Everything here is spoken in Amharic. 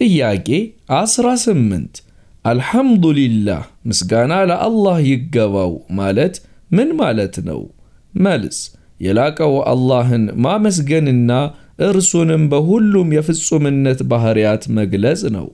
ጥያቄ 18 አልሐምዱሊላህ ምስጋና ለአላህ ይገባው ማለት ምን ማለት ነው? መልስ የላቀው አላህን ማመስገንና እርሱንም በሁሉም የፍጹምነት ባህሪያት መግለጽ ነው።